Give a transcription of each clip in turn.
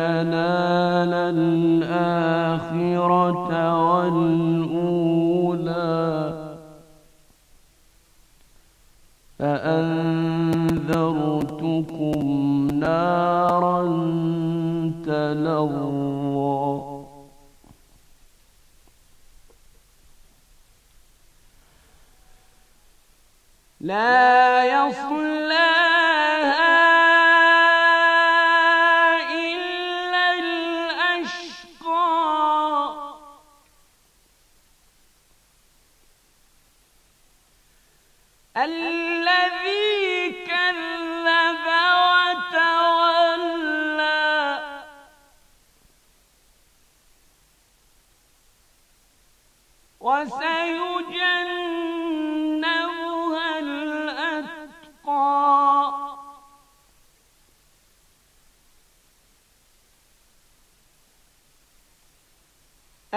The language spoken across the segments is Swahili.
لنا للآخرة والأولى فأنذرتكم نارا تلظى لا يصلى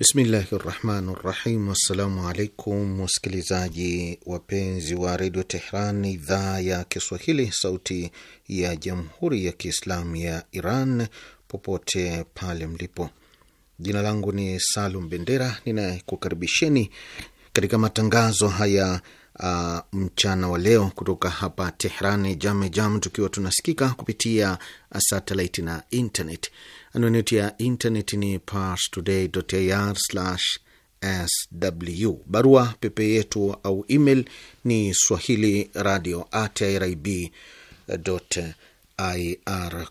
Bismillahi rahmani rahim. Wassalamu alaikum wasikilizaji wapenzi wa redio Tehran, idhaa ya Kiswahili, sauti ya jamhuri ya Kiislamu ya Iran, popote pale mlipo. Jina langu ni Salum Bendera, ninakukaribisheni katika matangazo haya uh, mchana wa leo kutoka hapa Tehrani, Jamejam, tukiwa tunasikika kupitia uh, satellite na internet. Anwani yetu ya internet ni parstoday.ir/sw. Barua pepe yetu au email ni swahili radio at irib ir.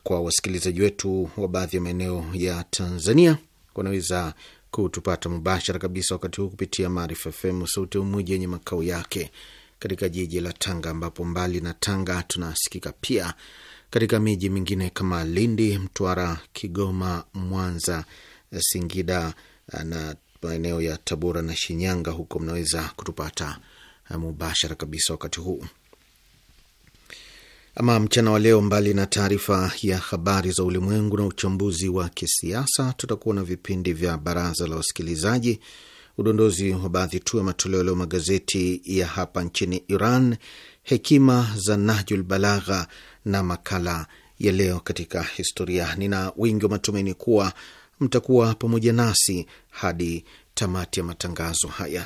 Kwa wasikilizaji wetu wa baadhi ya maeneo ya Tanzania wanaweza kutupata mubashara kabisa wakati huu kupitia Maarifa FM sauti ya Umoja yenye makao yake katika jiji la Tanga, ambapo mbali na Tanga tunasikika pia katika miji mingine kama Lindi, Mtwara, Kigoma, Mwanza, Singida na maeneo ya Tabora na Shinyanga. Huko mnaweza kutupata mubashara kabisa wakati huu. Ama mchana wa leo, mbali na taarifa ya habari za ulimwengu na uchambuzi wa kisiasa, tutakuwa na vipindi vya baraza la wasikilizaji, udondozi wa baadhi tu ya matoleo leo magazeti ya hapa nchini Iran, hekima za Nahjul Balagha na makala ya leo katika historia. Nina wingi wa matumaini kuwa mtakuwa pamoja nasi hadi tamati ya matangazo haya.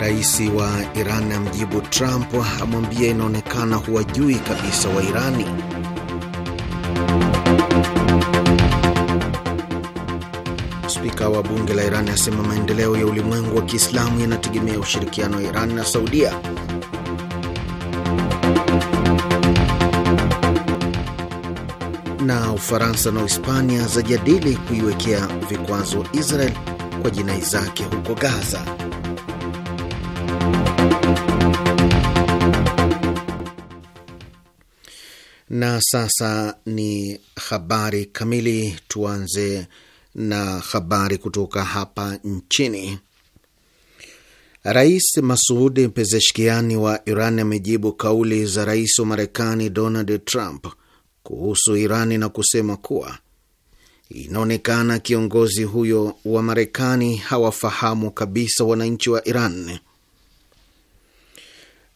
Rais wa Iran amjibu Trump, amwambia inaonekana huwajui kabisa wa Irani. Spika wa bunge la Iran asema maendeleo ya ulimwengu wa Kiislamu yanategemea ushirikiano wa Iran na Saudia. Na Ufaransa na Uhispania zajadili kuiwekea vikwazo Israel kwa jinai zake huko Gaza. Na sasa ni habari kamili. Tuanze na habari kutoka hapa nchini. Rais Masudi Pezeshkiani wa Iran amejibu kauli za rais wa Marekani Donald Trump kuhusu Irani na kusema kuwa inaonekana kiongozi huyo wa Marekani hawafahamu kabisa wananchi wa Iran.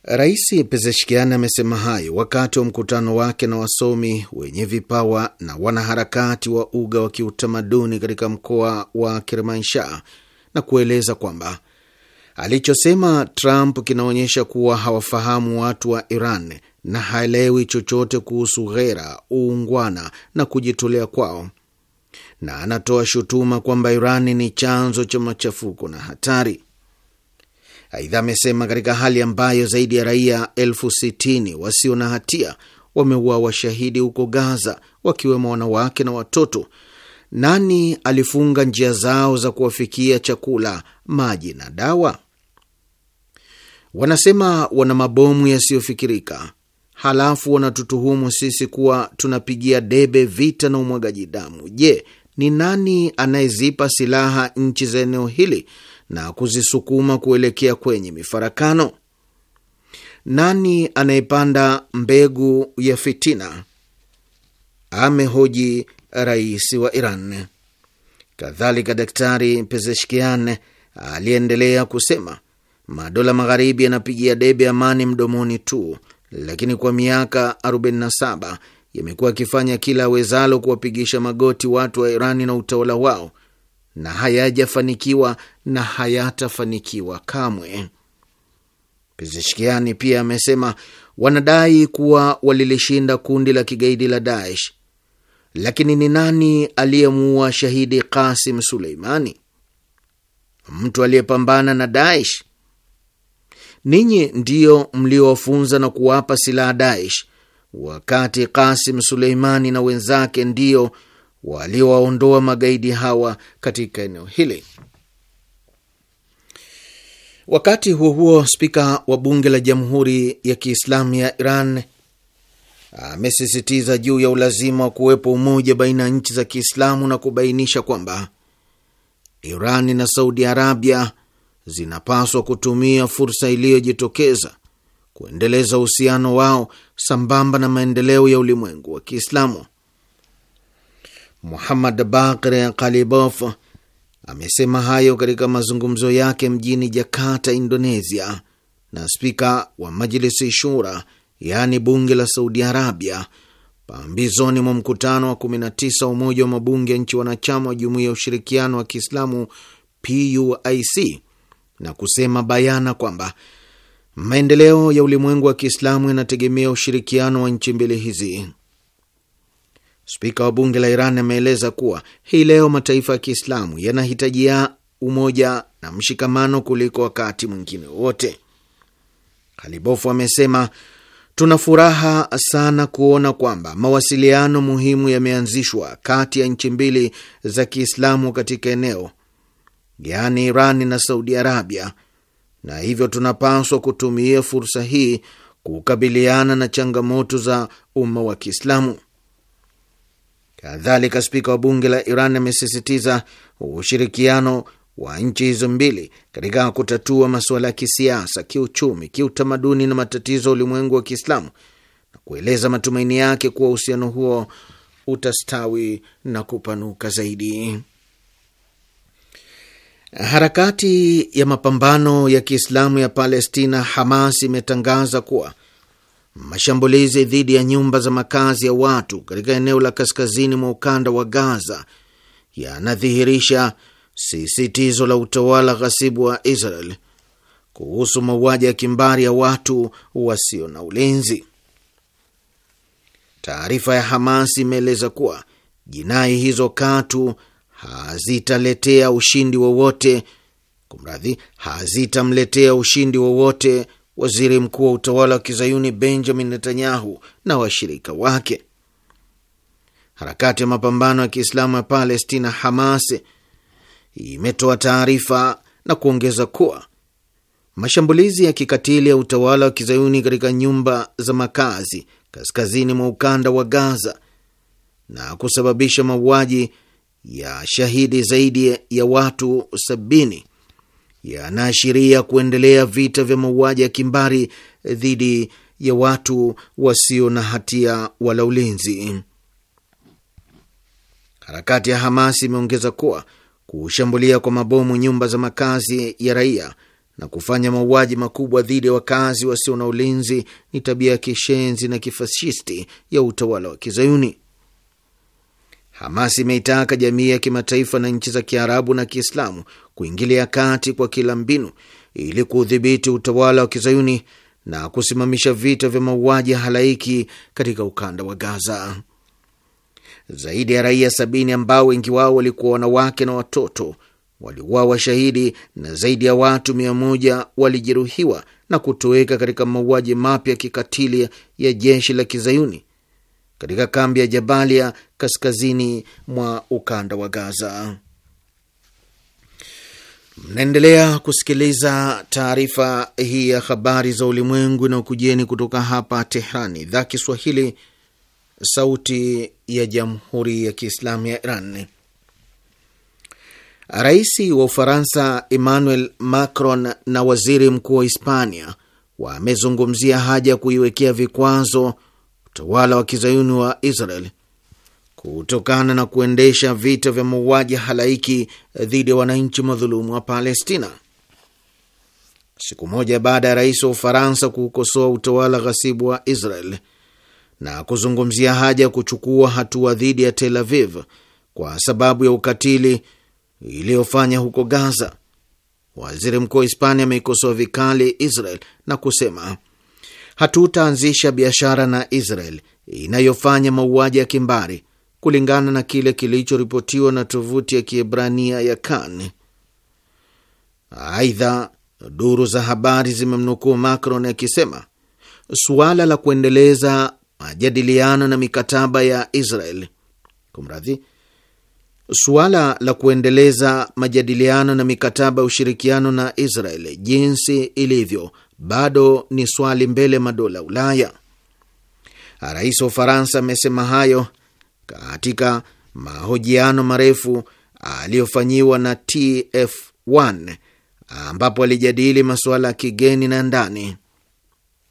Rais Pezeshkian amesema hayo wakati wa mkutano wake na wasomi wenye vipawa na wanaharakati wa uga wa kiutamaduni katika mkoa wa Kirimansha na kueleza kwamba alichosema Trump kinaonyesha kuwa hawafahamu watu wa Iran na haelewi chochote kuhusu ghera, uungwana na kujitolea kwao, na anatoa shutuma kwamba Iran ni chanzo cha machafuko na hatari. Aidha amesema katika hali ambayo zaidi ya raia elfu sitini wasio na hatia wameua washahidi huko Gaza, wakiwemo wanawake na watoto. Nani alifunga njia zao za kuwafikia chakula, maji na dawa? Wanasema wana mabomu yasiyofikirika, halafu wanatutuhumu sisi kuwa tunapigia debe vita na umwagaji damu. Je, ni nani anayezipa silaha nchi za eneo hili na kuzisukuma kuelekea kwenye mifarakano? Nani anayepanda mbegu ya fitina? Amehoji rais wa Iran. Kadhalika, Daktari Pezeshkian aliendelea kusema madola magharibi yanapigia debe amani mdomoni tu, lakini kwa miaka 47 yamekuwa akifanya kila awezalo kuwapigisha magoti watu wa Irani na utawala wao, na hayajafanikiwa na hayatafanikiwa kamwe. Pezeshkiani pia amesema wanadai kuwa walilishinda kundi la kigaidi la Daesh, lakini ni nani aliyemuua shahidi Kasim Suleimani? Mtu aliyepambana na Daesh? Ninyi ndio mliowafunza na kuwapa silaha Daesh wakati Kasim Suleimani na wenzake ndio waliowaondoa magaidi hawa katika eneo hili. Wakati huo huo, spika wa bunge la Jamhuri ya Kiislamu ya Iran amesisitiza juu ya ulazima wa kuwepo umoja baina ya nchi za Kiislamu na kubainisha kwamba Iran na Saudi Arabia zinapaswa kutumia fursa iliyojitokeza kuendeleza uhusiano wao sambamba na maendeleo ya ulimwengu wa Kiislamu. Muhammad Bakr Kalibof amesema hayo katika mazungumzo yake mjini Jakarta, Indonesia, na spika wa Majlisi Shura, yaani bunge la Saudi Arabia, pambizoni mwa mkutano wa 19 wa Umoja wa Mabunge ya Nchi Wanachama wa Jumuiya ya Ushirikiano wa Kiislamu, PUIC, na kusema bayana kwamba Maendeleo ya ulimwengu wa Kiislamu yanategemea ushirikiano wa nchi mbili hizi. Spika wa bunge la Iran ameeleza kuwa hii leo mataifa ya Kiislamu yanahitajia umoja na mshikamano kuliko wakati mwingine wote. Halibofu amesema tuna furaha sana kuona kwamba mawasiliano muhimu yameanzishwa kati ya nchi mbili za Kiislamu katika eneo, yaani Iran na Saudi Arabia, na hivyo tunapaswa kutumia fursa hii kukabiliana na changamoto za umma wa Kiislamu. Kadhalika, spika wa bunge la Iran amesisitiza ushirikiano wa nchi hizo mbili katika kutatua masuala ya kisiasa, kiuchumi, kiutamaduni na matatizo ya ulimwengu wa Kiislamu na kueleza matumaini yake kuwa uhusiano huo utastawi na kupanuka zaidi. Harakati ya mapambano ya Kiislamu ya Palestina, Hamas, imetangaza kuwa mashambulizi dhidi ya nyumba za makazi ya watu katika eneo la kaskazini mwa ukanda wa Gaza yanadhihirisha sisitizo la utawala ghasibu wa Israel kuhusu mauaji ya kimbari ya watu wasio na ulinzi. Taarifa ya Hamas imeeleza kuwa jinai hizo katu hazitaletea ushindi wowote kumradhi, hazitamletea ushindi wowote waziri mkuu wa utawala wa kizayuni Benjamin Netanyahu na washirika wake. Harakati ya mapambano ya Kiislamu ya Palestina, Hamas, imetoa taarifa na kuongeza kuwa mashambulizi ya kikatili ya utawala wa kizayuni katika nyumba za makazi kaskazini mwa ukanda wa Gaza na kusababisha mauaji ya shahidi zaidi ya watu sabini yanaashiria kuendelea vita vya mauaji ya kimbari dhidi ya watu wasio na hatia wala ulinzi. Harakati ya Hamas imeongeza kuwa kushambulia kwa mabomu nyumba za makazi ya raia na kufanya mauaji makubwa dhidi ya wakazi wasio na ulinzi ni tabia ya kishenzi na kifashisti ya utawala wa Kizayuni. Hamas imeitaka jamii ya kimataifa na nchi za Kiarabu na Kiislamu kuingilia kati kwa kila mbinu ili kuudhibiti utawala wa kizayuni na kusimamisha vita vya mauaji ya halaiki katika ukanda wa Gaza. Zaidi ya raia sabini ambao wengi wao walikuwa wanawake na watoto waliuawa shahidi na zaidi ya watu mia moja walijeruhiwa na kutoweka katika mauaji mapya kikatili ya jeshi la kizayuni katika kambi ya Jabalia kaskazini mwa ukanda wa Gaza. Mnaendelea kusikiliza taarifa hii ya habari za ulimwengu na ukujeni kutoka hapa Tehrani, idhaa Kiswahili, sauti ya jamhuri ya kiislamu ya Iran. Rais wa Ufaransa Emmanuel Macron na waziri mkuu wa Hispania wamezungumzia haja ya kuiwekea vikwazo utawala wa kizayuni wa Israel kutokana na kuendesha vita vya mauaji halaiki dhidi ya wananchi madhulumu wa Palestina. Siku moja baada ya rais wa Ufaransa kuukosoa utawala ghasibu wa Israel na kuzungumzia haja ya kuchukua hatua dhidi ya Tel Aviv kwa sababu ya ukatili iliyofanya huko Gaza, waziri mkuu wa Hispania ameikosoa vikali Israel na kusema hatutaanzisha biashara na Israel inayofanya mauaji ya kimbari, kulingana na kile kilichoripotiwa na tovuti ya Kiebrania ya Kan. Aidha, duru za habari zimemnukuu Macron akisema suala la kuendeleza majadiliano na mikataba ya Israel, kumradhi, suala la kuendeleza majadiliano na mikataba ya ushirikiano na Israel jinsi ilivyo bado ni swali mbele madola Ulaya. Rais wa Ufaransa amesema hayo katika mahojiano marefu aliyofanyiwa na TF1 ambapo alijadili masuala ya kigeni na ndani.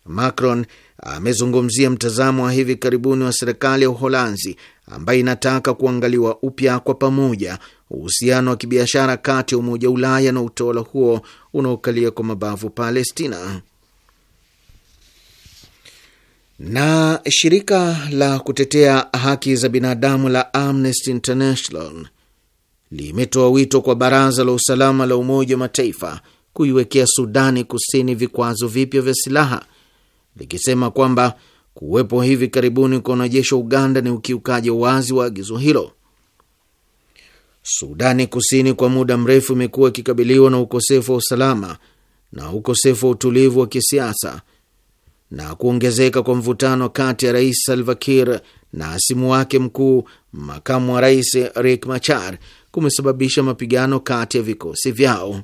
Macron amezungumzia mtazamo wa hivi karibuni wa serikali ya Uholanzi ambaye inataka kuangaliwa upya kwa pamoja uhusiano wa kibiashara kati ya Umoja wa Ulaya na utawala huo unaokalia kwa mabavu Palestina. Na shirika la kutetea haki za binadamu la Amnesty International limetoa wito kwa Baraza la Usalama la Umoja wa Mataifa kuiwekea Sudani Kusini vikwazo vipya vya silaha likisema kwamba Kuwepo hivi karibuni kwa wanajeshi wa Uganda ni ukiukaji wazi wa agizo hilo. Sudani Kusini kwa muda mrefu imekuwa ikikabiliwa na ukosefu wa usalama na ukosefu wa utulivu wa kisiasa na kuongezeka kwa mvutano kati ya Rais Salva Kiir na hasimu wake mkuu, makamu wa rais Riek Machar, kumesababisha mapigano kati ya vikosi vyao.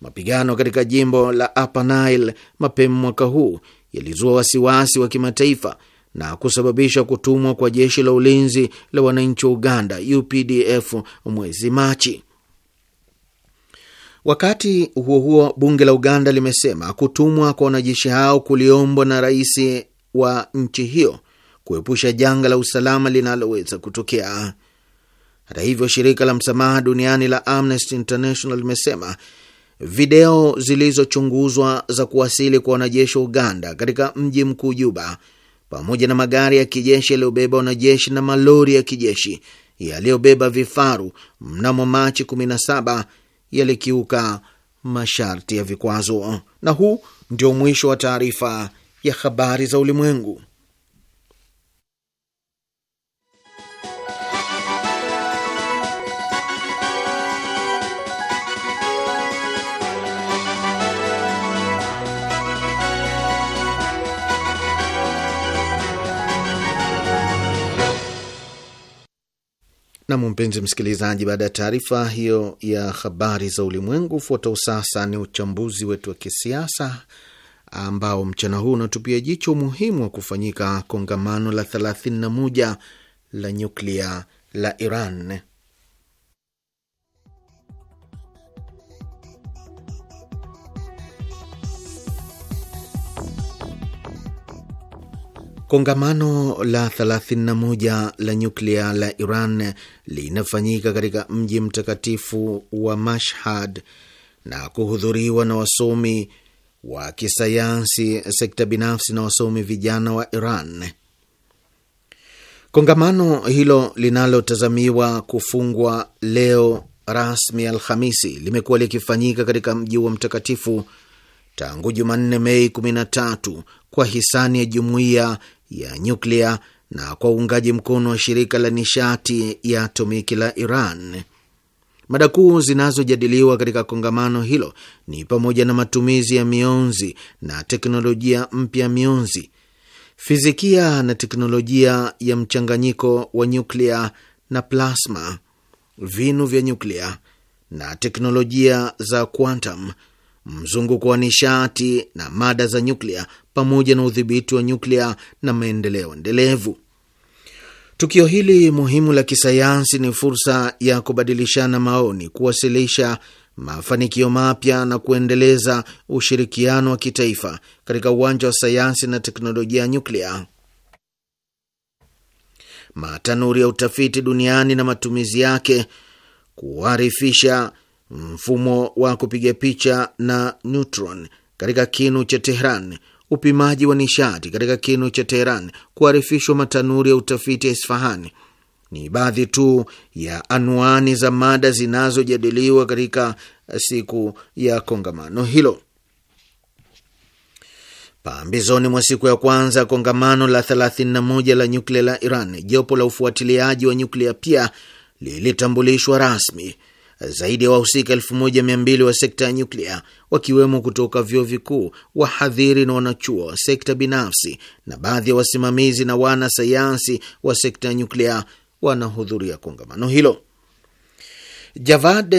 Mapigano katika jimbo la Upper Nile mapema mwaka huu yalizua wasiwasi wa kimataifa na kusababisha kutumwa kwa jeshi la ulinzi la wananchi wa Uganda UPDF mwezi Machi. Wakati huo huo, bunge la Uganda limesema kutumwa kwa wanajeshi hao kuliombwa na rais wa nchi hiyo kuepusha janga la usalama linaloweza kutokea. Hata hivyo, shirika la msamaha duniani la Amnesty International limesema video zilizochunguzwa za kuwasili kwa wanajeshi wa Uganda katika mji mkuu Juba, pamoja na magari ya kijeshi yaliyobeba wanajeshi na malori ya kijeshi yaliyobeba vifaru mnamo Machi 17 yalikiuka masharti ya vikwazo. Na huu ndio mwisho wa taarifa ya habari za ulimwengu. Nam, mpenzi msikilizaji, baada ya taarifa hiyo ya habari za ulimwengu, ufuatao sasa ni uchambuzi wetu wa kisiasa ambao mchana huu unatupia jicho umuhimu wa kufanyika kongamano la 31 la nyuklia la Iran. Kongamano la 31 la nyuklia la Iran linafanyika katika mji mtakatifu wa Mashhad na kuhudhuriwa na wasomi wa kisayansi, sekta binafsi na wasomi vijana wa Iran. Kongamano hilo linalotazamiwa kufungwa leo rasmi Alhamisi limekuwa likifanyika katika mji wa mtakatifu tangu Jumanne Mei 13 kwa hisani ya jumuiya ya nyuklia na kwa uungaji mkono wa shirika la nishati ya atomiki la Iran. Mada kuu zinazojadiliwa katika kongamano hilo ni pamoja na matumizi ya mionzi na teknolojia mpya mionzi, fizikia na teknolojia ya mchanganyiko wa nyuklia na plasma, vinu vya nyuklia na teknolojia za quantum mzunguko wa nishati na mada za nyuklia pamoja na udhibiti wa nyuklia na maendeleo endelevu. Tukio hili muhimu la kisayansi ni fursa ya kubadilishana maoni, kuwasilisha mafanikio mapya na kuendeleza ushirikiano wa kitaifa katika uwanja wa sayansi na teknolojia ya nyuklia. Matanuri ya utafiti duniani na matumizi yake, kuharifisha mfumo wa kupiga picha na neutron katika kinu cha Tehran, upimaji wa nishati katika kinu cha Tehran, kuharifishwa matanuri ya utafiti ya Isfahan ni baadhi tu ya anwani za mada zinazojadiliwa katika siku ya kongamano hilo. Pambizoni mwa siku ya kwanza kongamano la 31 la nyuklia la Iran, jopo la ufuatiliaji wa nyuklia pia lilitambulishwa rasmi zaidi ya wahusika 1200 wa sekta ya nyuklia wakiwemo kutoka vyuo vikuu, wahadhiri na wanachuo wa sekta binafsi, na baadhi ya wasimamizi na wanasayansi wa sekta ya nyuklia wanahudhuria kongamano hilo. Javad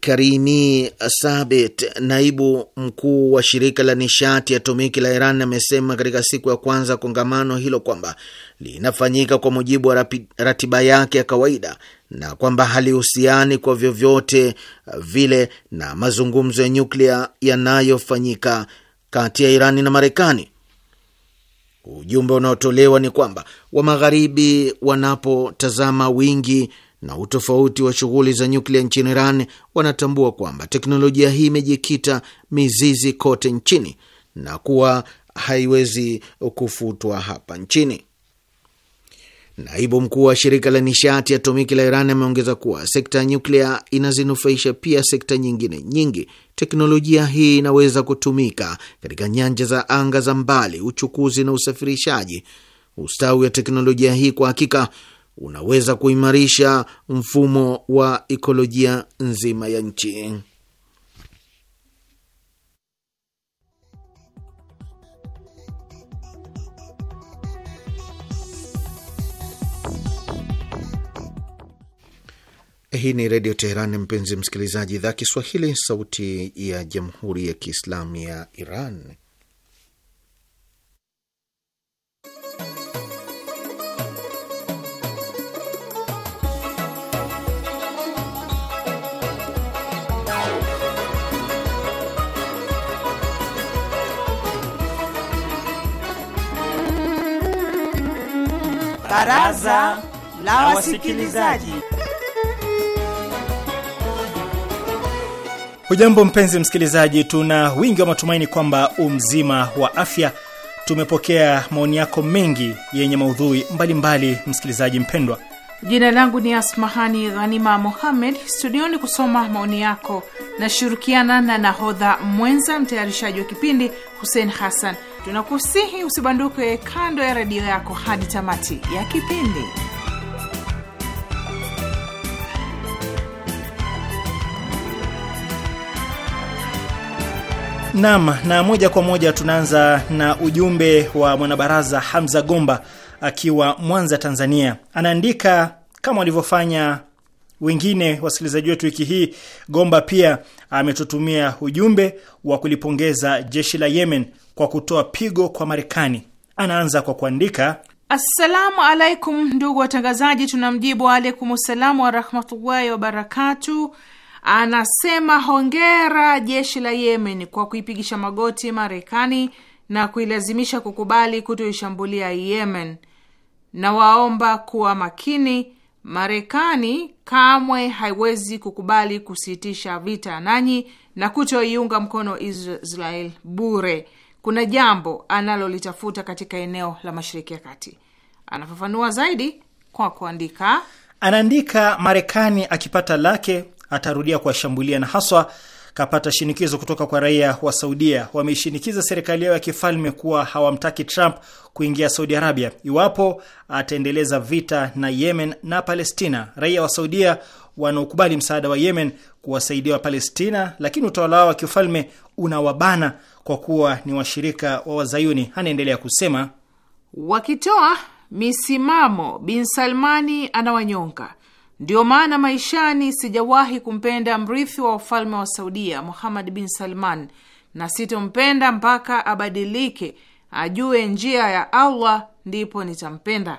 Karimi Sabit, naibu mkuu wa shirika la nishati atomiki la Iran, amesema katika siku ya kwanza kongamano hilo kwamba linafanyika kwa mujibu wa ratiba yake ya kawaida na kwamba halihusiani kwa vyovyote vile na mazungumzo ya nyuklia yanayofanyika kati ya Irani na Marekani. Ujumbe unaotolewa ni kwamba Wamagharibi wanapotazama wingi na utofauti wa shughuli za nyuklia nchini Iran wanatambua kwamba teknolojia hii imejikita mizizi kote nchini na kuwa haiwezi kufutwa hapa nchini. Naibu mkuu wa shirika la nishati atomiki la Iran ameongeza kuwa sekta ya nyuklia inazinufaisha pia sekta nyingine nyingi. Teknolojia hii inaweza kutumika katika nyanja za anga za mbali, uchukuzi na usafirishaji. Ustawi wa teknolojia hii kwa hakika unaweza kuimarisha mfumo wa ikolojia nzima ya nchi. Hii ni Redio Teheran, mpenzi msikilizaji, idhaa Kiswahili, sauti ya Jamhuri ya Kiislamu ya Iran. Baraza la Wasikilizaji. Hujambo mpenzi msikilizaji, tuna wingi wa matumaini kwamba umzima wa afya. Tumepokea maoni yako mengi yenye maudhui mbalimbali mbali, msikilizaji mpendwa. Jina langu ni Asmahani Ghanima Mohamed, studioni kusoma maoni yako. Nashirikiana na nahodha mwenza mtayarishaji wa kipindi Hussein Hassan. Tunakusihi usibanduke kando ya redio yako hadi tamati ya kipindi. nam na moja kwa moja tunaanza na ujumbe wa mwanabaraza Hamza Gomba akiwa Mwanza, Tanzania. Anaandika kama walivyofanya wengine wasikilizaji wetu wiki hii. Gomba pia ametutumia ujumbe wa kulipongeza jeshi la Yemen kwa kutoa pigo kwa Marekani. Anaanza kwa kuandika assalamu alaikum, ndugu watangazaji. Tunamjibu waalaikumsalamu warahmatullahi wabarakatu. Anasema hongera jeshi la Yemen kwa kuipigisha magoti Marekani na kuilazimisha kukubali kutoishambulia Yemen, na waomba kuwa makini. Marekani kamwe haiwezi kukubali kusitisha vita nanyi na kutoiunga mkono Israel bure kuna jambo analolitafuta katika eneo la Mashariki ya Kati. Anafafanua zaidi kwa kuandika, anaandika, Marekani akipata lake atarudia kuwashambulia, na haswa kapata shinikizo kutoka kwa raia wa Saudia. Wameishinikiza serikali yao ya kifalme kuwa hawamtaki Trump kuingia Saudi Arabia iwapo ataendeleza vita na Yemen na Palestina. Raia wa Saudia wanaokubali msaada wa Yemen kuwasaidia Wapalestina, lakini utawala wao wa kiufalme unawabana kwa kuwa ni washirika wa Wazayuni. Anaendelea kusema, wakitoa misimamo, Bin Salmani anawanyonga. ndio maana maishani sijawahi kumpenda mrithi wa ufalme wa Saudia, Muhammad bin Salman, na sitompenda mpaka abadilike, ajue njia ya Allah, ndipo nitampenda,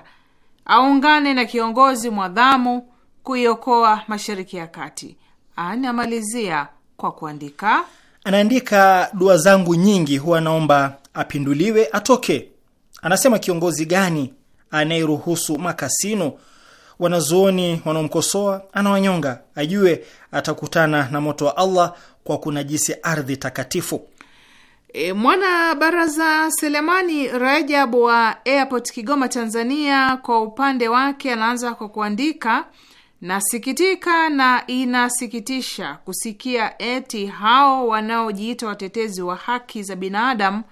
aungane na kiongozi mwadhamu kuiokoa Mashariki ya Kati. Anamalizia kwa kuandika, anaandika dua zangu nyingi huwa naomba apinduliwe, atoke. Anasema kiongozi gani anayeruhusu makasino wanazuoni wanaomkosoa anawanyonga, ajue atakutana na moto wa Allah kwa kunajisi ardhi takatifu. E, mwana baraza Selemani Rajabu wa Airport Kigoma, Tanzania, kwa upande wake anaanza kwa kuandika Nasikitika na inasikitisha kusikia eti hao wanaojiita watetezi wa haki za binadamu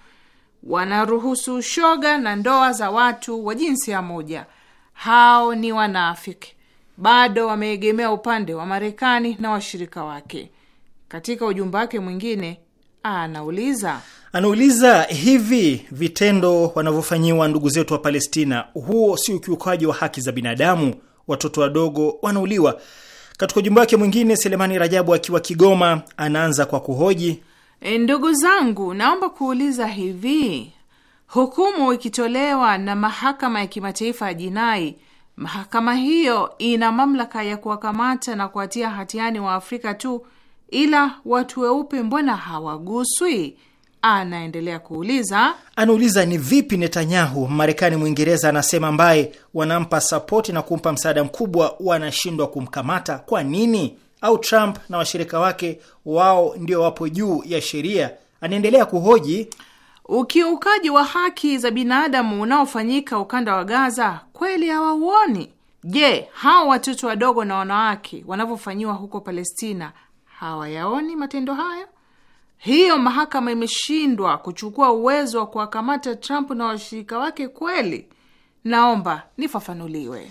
wanaruhusu ushoga na ndoa za watu wa jinsia moja. Hao ni wanafiki, bado wameegemea upande wa Marekani na washirika wake. Katika ujumbe wake mwingine anauliza anauliza hivi vitendo wanavyofanyiwa ndugu zetu wa Palestina, huo si ukiukaji wa haki za binadamu? watoto wadogo wanauliwa. Katika ujumbe wake mwingine, Selemani Rajabu akiwa Kigoma anaanza kwa kuhoji e, ndugu zangu, naomba kuuliza hivi, hukumu ikitolewa na mahakama ya kimataifa ya jinai, mahakama hiyo ina mamlaka ya kuwakamata na kuwatia hatiani wa Afrika tu, ila watu weupe mbona hawaguswi? anaendelea kuuliza, anauliza ni vipi Netanyahu Marekani Mwingereza anasema ambaye wanampa sapoti na kumpa msaada mkubwa wanashindwa kumkamata kwa nini? Au Trump na washirika wake wao ndio wapo juu ya sheria? Anaendelea kuhoji ukiukaji wa haki za binadamu unaofanyika ukanda wa Gaza, kweli hawauoni? Je, hawa watoto wadogo na wanawake wanavyofanyiwa huko Palestina hawayaoni matendo hayo? hiyo mahakama imeshindwa kuchukua uwezo wa kuwakamata Trump na washirika wake kweli? Naomba nifafanuliwe.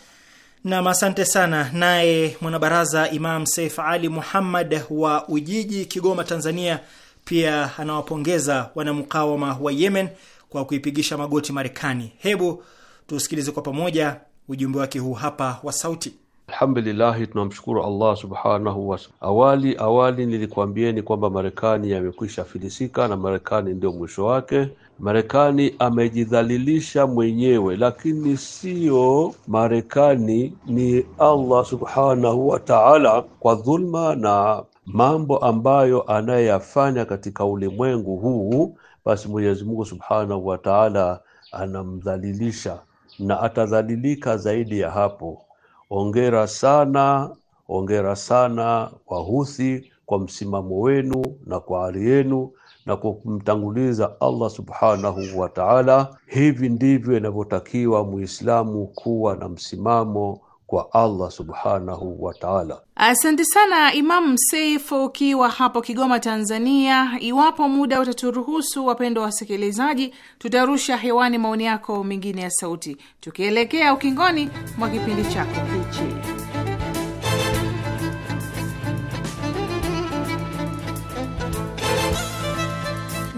Nam, asante sana. Naye mwanabaraza Imam Saif Ali Muhammad wa Ujiji, Kigoma, Tanzania, pia anawapongeza wanamukawama wa Yemen kwa kuipigisha magoti Marekani. Hebu tusikilize kwa pamoja ujumbe wake huu hapa wa sauti. Alhamdulillahi, tunamshukuru Allah subhanahu wa ta'ala. Awali awali nilikwambieni kwamba Marekani yamekwisha filisika na Marekani ndio mwisho wake. Marekani amejidhalilisha mwenyewe, lakini sio Marekani, ni Allah subhanahu wa ta'ala kwa dhulma na mambo ambayo anayeyafanya katika ulimwengu huu, basi Mwenyezi Mungu subhanahu wa ta'ala anamdhalilisha na atadhalilika zaidi ya hapo. Ongera sana, ongera sana Wahuthi kwa msimamo wenu na kwa hali yenu na kwa kumtanguliza Allah subhanahu wa ta'ala. Hivi ndivyo inavyotakiwa Muislamu kuwa na msimamo kwa Allah subhanahu wa taala. Asante sana Imamu Seif ukiwa hapo Kigoma, Tanzania. Iwapo muda utaturuhusu, wapendwa wasikilizaji, tutarusha hewani maoni yako mengine ya sauti tukielekea ukingoni mwa kipindi chako hichi.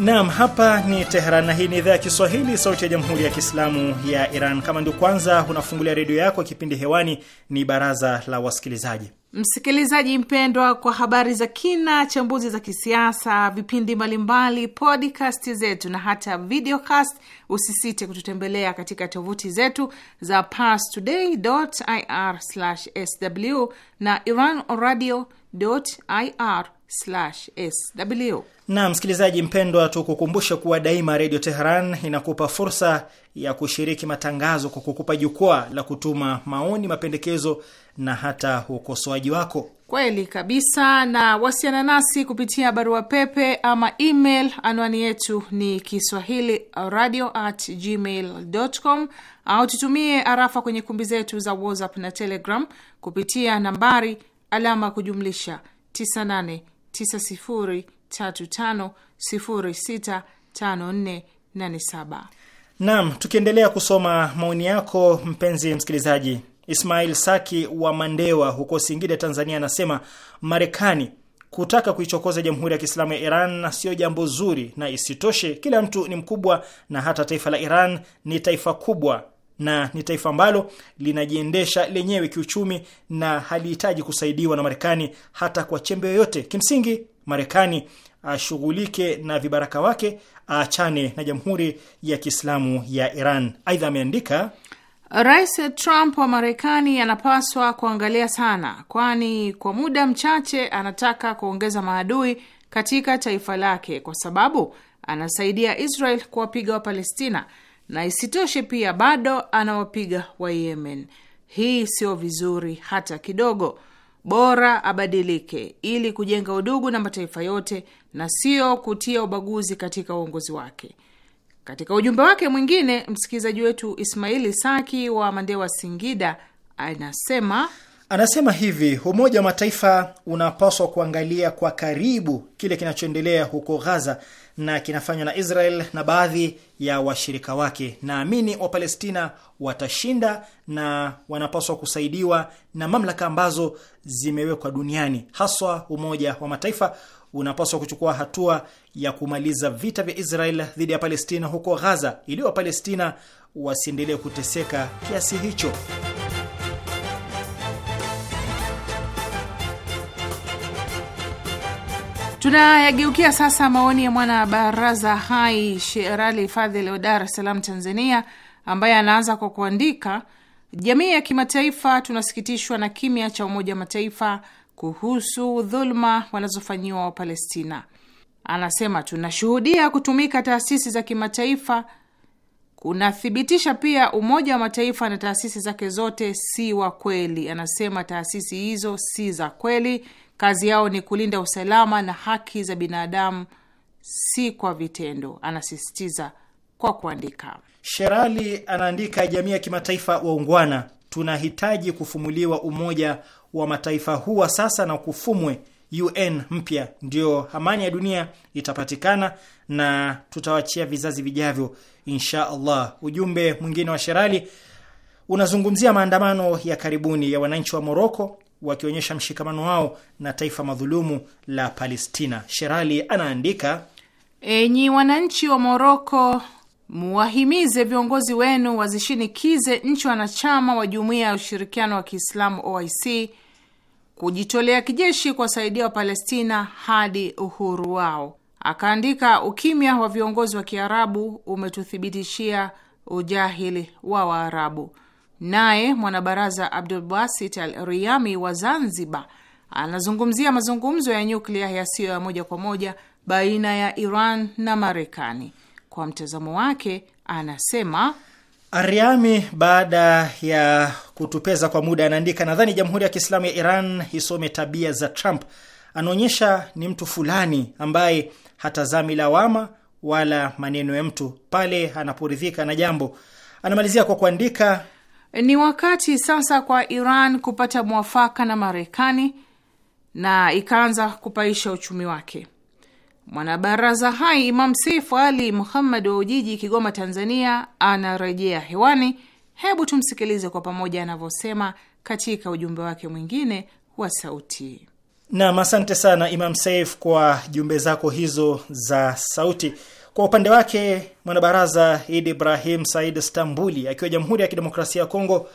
Naam, hapa ni Teheran na hii ni idhaa ya Kiswahili, sauti ya jamhuri ya kiislamu ya Iran. Kama ndio kwanza unafungulia redio yako, kipindi hewani ni baraza la wasikilizaji. Msikilizaji mpendwa, kwa habari za kina, chambuzi za kisiasa, vipindi mbalimbali, podcast zetu na hata videocast, usisite kututembelea katika tovuti zetu za parstoday.ir/sw na iranradio.ir sw. Na msikilizaji mpendwa, tukukumbushe kuwa daima Redio Teheran inakupa fursa ya kushiriki matangazo kwa kukupa jukwaa la kutuma maoni, mapendekezo na hata ukosoaji wako. Kweli kabisa, na wasiana nasi kupitia barua pepe ama email. Anwani yetu ni kiswahili radio at gmail com, au tutumie arafa kwenye kumbi zetu za WhatsApp na Telegram kupitia nambari alama kujumlisha 98 9035065487. Naam, tukiendelea kusoma maoni yako mpenzi msikilizaji, Ismail Saki wa Mandewa huko Singida, Tanzania, anasema Marekani kutaka kuichokoza Jamhuri ya Kiislamu ya Iran sio jambo zuri, na isitoshe kila mtu ni mkubwa, na hata taifa la Iran ni taifa kubwa na ni taifa ambalo linajiendesha lenyewe kiuchumi na halihitaji kusaidiwa na Marekani hata kwa chembe yoyote. Kimsingi, Marekani ashughulike na vibaraka wake, aachane na Jamhuri ya Kiislamu ya Iran. Aidha ameandika Rais Trump wa Marekani anapaswa kuangalia sana, kwani kwa muda mchache anataka kuongeza maadui katika taifa lake, kwa sababu anasaidia Israel kuwapiga Wapalestina na isitoshe pia bado anawapiga wa Yemen. Hii sio vizuri hata kidogo. Bora abadilike ili kujenga udugu na mataifa yote na sio kutia ubaguzi katika uongozi wake. Katika ujumbe wake mwingine, msikilizaji wetu Ismaili Saki wa Mandewa, Singida, anasema Anasema hivi, Umoja wa Mataifa unapaswa kuangalia kwa karibu kile kinachoendelea huko Gaza na kinafanywa na Israel na baadhi ya washirika wake. Naamini Wapalestina watashinda na wanapaswa kusaidiwa na mamlaka ambazo zimewekwa duniani, haswa Umoja wa Mataifa unapaswa kuchukua hatua ya kumaliza vita vya Israel dhidi ya Palestina huko Gaza ili Wapalestina wasiendelee kuteseka kiasi hicho. Tunayageukia sasa maoni ya mwana baraza hai Sherali Fadhili wa Dar es Salaam, Tanzania, ambaye anaanza kwa kuandika: jamii ya kimataifa, tunasikitishwa na kimya cha Umoja wa Mataifa kuhusu dhuluma wanazofanyiwa Wapalestina. Anasema tunashuhudia kutumika taasisi za kimataifa kunathibitisha pia Umoja wa Mataifa na taasisi zake zote si wa kweli. Anasema taasisi hizo si za kweli Kazi yao ni kulinda usalama na haki za binadamu, si kwa vitendo, anasisitiza kwa kuandika. Sherali anaandika, jamii ya kimataifa waungwana, tunahitaji kufumuliwa Umoja wa Mataifa huwa sasa na kufumwe UN mpya, ndio amani ya dunia itapatikana na tutawachia vizazi vijavyo, insha Allah. Ujumbe mwingine wa Sherali unazungumzia maandamano ya karibuni ya wananchi wa Moroko wakionyesha mshikamano wao na taifa madhulumu la Palestina. Sherali anaandika, enyi wananchi wa Moroko, muwahimize viongozi wenu wazishinikize nchi wanachama wa Jumuiya ya Ushirikiano wa Kiislamu OIC kujitolea kijeshi kuwasaidia Wapalestina hadi uhuru wao. Akaandika, ukimya wa viongozi wa Kiarabu umetuthibitishia ujahili wa Waarabu. Naye mwanabaraza Abdul Basit Al Riami wa Zanzibar anazungumzia mazungumzo ya nyuklia yasiyo ya moja kwa moja baina ya Iran na Marekani. Kwa mtazamo wake, anasema Ariami, baada ya kutupeza kwa muda, anaandika, nadhani Jamhuri ya Kiislamu ya Iran isome tabia za Trump. Anaonyesha ni mtu fulani ambaye hatazami lawama wala maneno ya mtu pale anaporidhika na jambo. Anamalizia kwa kuandika ni wakati sasa kwa Iran kupata mwafaka na Marekani na ikaanza kupaisha uchumi wake. Mwanabaraza hai Imam Seif Ali Muhammad wa Ujiji, Kigoma, Tanzania, anarejea hewani. Hebu tumsikilize kwa pamoja anavyosema katika ujumbe wake mwingine wa sauti. Nam, asante sana Imam Seif kwa jumbe zako hizo za sauti. Kwa upande wake mwanabaraza Idi Ibrahim Said Stambuli akiwa Jamhuri ya Kidemokrasia ya Kongo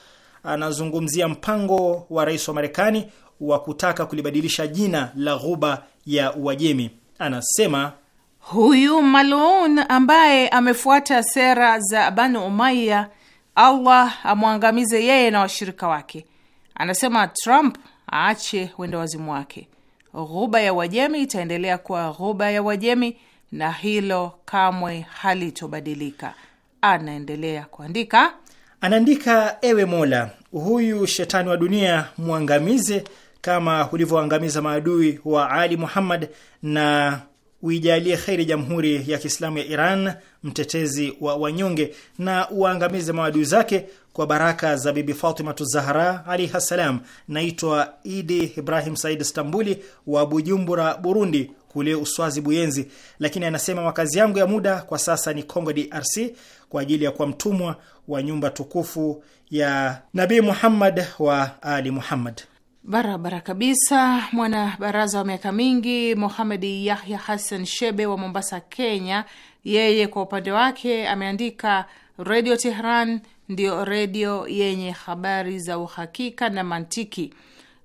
anazungumzia mpango wa rais wa Marekani wa kutaka kulibadilisha jina la ghuba ya Uajemi. Anasema huyu malun ambaye amefuata sera za Banu Umaya, Allah amwangamize yeye na washirika wake. Anasema Trump aache wazimu wake. Ghuba ya Uajemi itaendelea kuwa ghuba ya Uajemi na hilo kamwe halitobadilika. Anaendelea kuandika, anaandika: ewe Mola, huyu shetani wa dunia mwangamize, kama ulivyoangamiza maadui wa Ali Muhammad na uijalie kheri Jamhuri ya Kiislamu ya Iran, mtetezi wa wanyonge, na uwaangamize maadui zake kwa baraka za Bibi Fatimatu Zahra alaihi ssalam. Naitwa Idi Ibrahim Said Stambuli wa Bujumbura, Burundi, kule Uswazi Buyenzi, lakini anasema makazi yangu ya muda kwa sasa ni Congo DRC kwa ajili ya kuwa mtumwa wa nyumba tukufu ya Nabii Muhammad wa Ali Muhammad. Barabara kabisa. Mwana baraza wa miaka mingi Mohamed Yahya Hassan Shebe wa Mombasa, Kenya, yeye kwa upande wake ameandika, Redio Tehran ndio redio yenye habari za uhakika na mantiki.